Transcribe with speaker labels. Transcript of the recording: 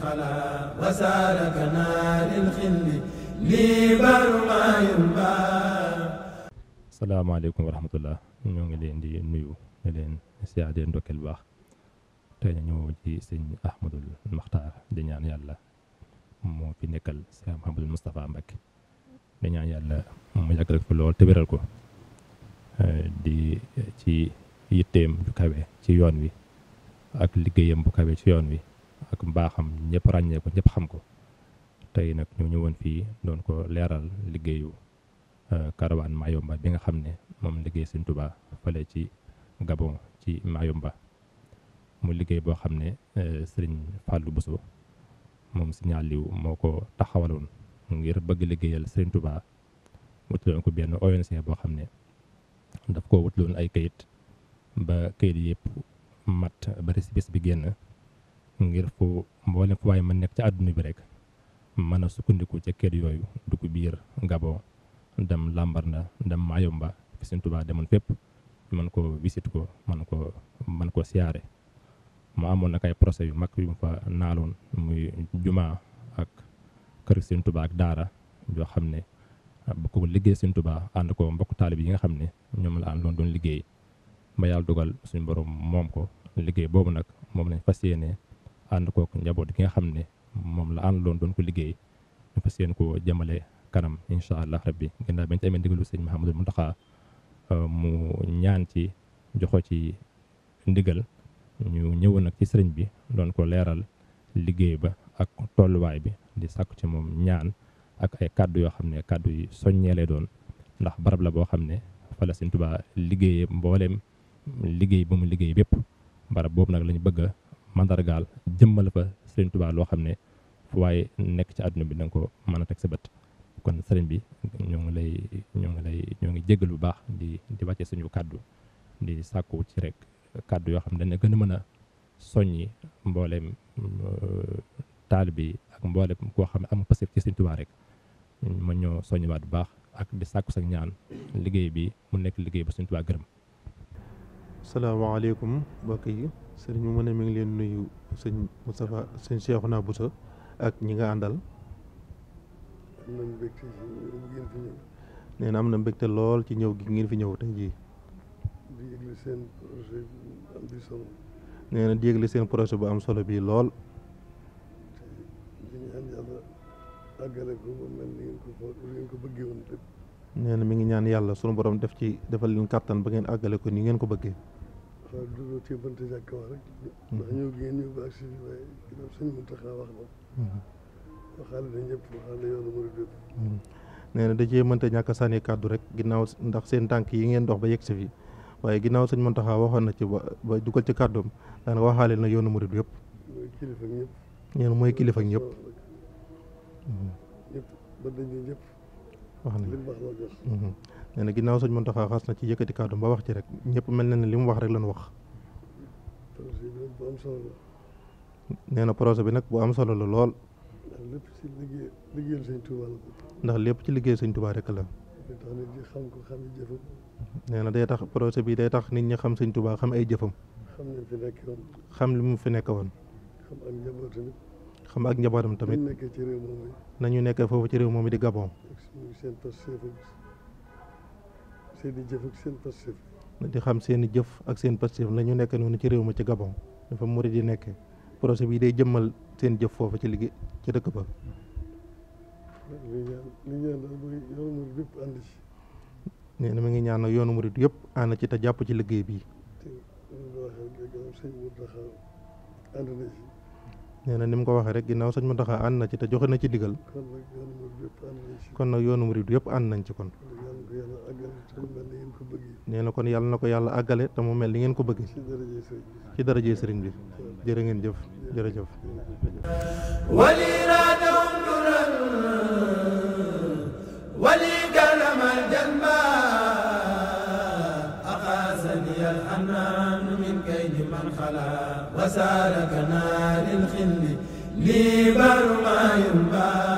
Speaker 1: خلا وسار كنار الخل لي برما يرمى
Speaker 2: salaamaaleykum wa rahmatullah ñoo ngi leen di nuyu ne leen siyaar leen ndokkeel bu baax tey ñu ci sëñ Ahmadul Maxtaar di ñaan yàlla moo fi nekkal sëñ Mouhamadul Moustapha Mbacké di ñaan yàlla mu yàgg rek fi lool te wéral di ci yitteem bu ci yoon wi ak liggéeyam bu ci yoon wi ak mbaaxam ñëpp ràññee ko ñëpp xam ko tey nag ñu ñëwoon fii doon ko leeral liggéeyu euh, Caravane mayomba bi nga xam ne moom liggéey Sëñ Tuubaa fale ci Gabon ci mayomba mu liggéey boo xam ne euh, sëriñ Fallou Bousso moom Sëriñ Aliou moo ko taxawaloon ngir bëgg liggéeyal Sëriñ Tuubaa wutaloon ko benn ONC boo xam ne daf ko wutaloon ay kayit ba kayit yëpp mat ba récépissé bi génn ngir fu mboolem fu waaye man nekk ci àdduna bi rek mën a sukkandiku ca kër yooyu dugg biir Gabon dem Lambaréné dem Mayumba fi Sëñ Tuubaa demoon fépp mën koo visite ko mën koo mën koo siyaare mu amoon na ay procès yu mag yu mu fa naaloon muy jumaa ak kër Sëñ Tuubaa ak daara yoo xam ne bokk ko liggéey Sëñ Tuubaa ànd ko mbokk taalib yi nga xam ne ñoom la àndoon doon liggéey ba yàlla dugal suñu boro moom ko liggéey boobu nag moom lañ fa yéene ànd kook njaboot gi nga xam ne moom la àndaloon doon ko liggéey ñu fas yéen ko jëmale kanam incha allah rabbi gannaaw bañ ci amee ndigalu sëñ Mahamadul Muntaxa euh, mu ñaan ci joxo ci ndigal ñu ñëwoon nag ci sëriñ bi doon ko leeral liggéey ba ak tolluwaay bi di sàkku ci moom ñaan ak ay kàddu yoo xam ne kàddu yi soññee doon ndax barab la boo xam ne fa la Sëñ Tuubaa liggéeyee mbooleem liggéey ba mu liggéey bépp barab boobu nag lañu bëgg mandargaal jëmmal fa Serigne Touba loo xam ne fu waaye nekk ci àdduna bi da ko mën a teg sa bët kon sëriñ bi ñoo ngi lay ñoo ngi lay ñoo ngi jéggal bu baax di di wàcce suñu kàddu di sàkku ci rek kàddu yoo xam ne dañu gën mën a soññi mbooleem euh, taalibe yi ak mbooleem koo xam ne am pasif ci rek ma ñoo soññiwaat bu baax ak di sàkku sa ñaan liggéey bi mu nekk liggéey ba Sëriñ Tuubaa gërëm.
Speaker 1: sëriñ mu ne mi ngi leen nuyu sëñ Moustapha sëñ Cheikhouna Bousso ak ñi nga àndal. nee am na mbégte lool ci ñëw gi ngeen fi ñëw tey jii. nee na di yëgle seen projet bu am solo bii lool. nee na mi ngi ñaan yàlla sunu borom def ci defal leen kàttan ba ngeen àggale ko ni ngeen ko bëggee.
Speaker 3: waaw dugg ci bunt jàkka
Speaker 1: da cee ñàkk a kàddu rek ginnaaw ndax seen tànk yi ngeen dox ba yegg si fii waaye ginnaaw sëñ taxa waxoon na ci ba dugal ci kàddoom daanaka waxaale na yoonu murid yëpp.
Speaker 3: mooy mooy kilifa ak ñëpp.
Speaker 1: nee na ginnaaw sëñ Mountakha xas na ci yëkkati kàddu ba wax ci rek ñëpp mel na ne li mu wax rek lañ wax. nee na projet bi nag bu am solo la lool.
Speaker 3: lépp ci liggéey liggéeyal
Speaker 1: ndax lépp ci liggéey sañ Touba rek la. nee na day tax projet bi day tax nit ñi xam sañ Touba xam ay jëfam. xam li mu fi nekk woon.
Speaker 3: xam li mu fi nekk woon.
Speaker 1: xam ak njabootam. ak njabootam tamit. nañu
Speaker 3: nekkee ci réew moom
Speaker 1: nañu nekkee foofu ci réew moom di Gabon.
Speaker 3: seen
Speaker 1: i di xam seen jëf ak seen pastéef la ñu nekke noonu ci réew ma ci Gabon dafa murid yi nekkee projet bi day jëmmal seen jëf foofu ci liggéey ci dëkk ba nee na mi ngi ñaan yoonu murid yëpp ànd ci te jàpp ci liggéey bi ni mu ko waxee rek ginnaaw sëñ Muntaxa ànd na ci te joxe na ci digal kon nag yoonu murid yëpp ànd nañ ci kon nee na kon yàlla na ko yàlla àggale mel ni ngeen ko bëggee ci darajee sëriñ bi jërë ngeen jëf jërëjëf
Speaker 3: wali raadahum duran
Speaker 2: wali karamal janba
Speaker 1: aqaasani al anam min kaydi man xala wasaaraka naaril xilli li baru ma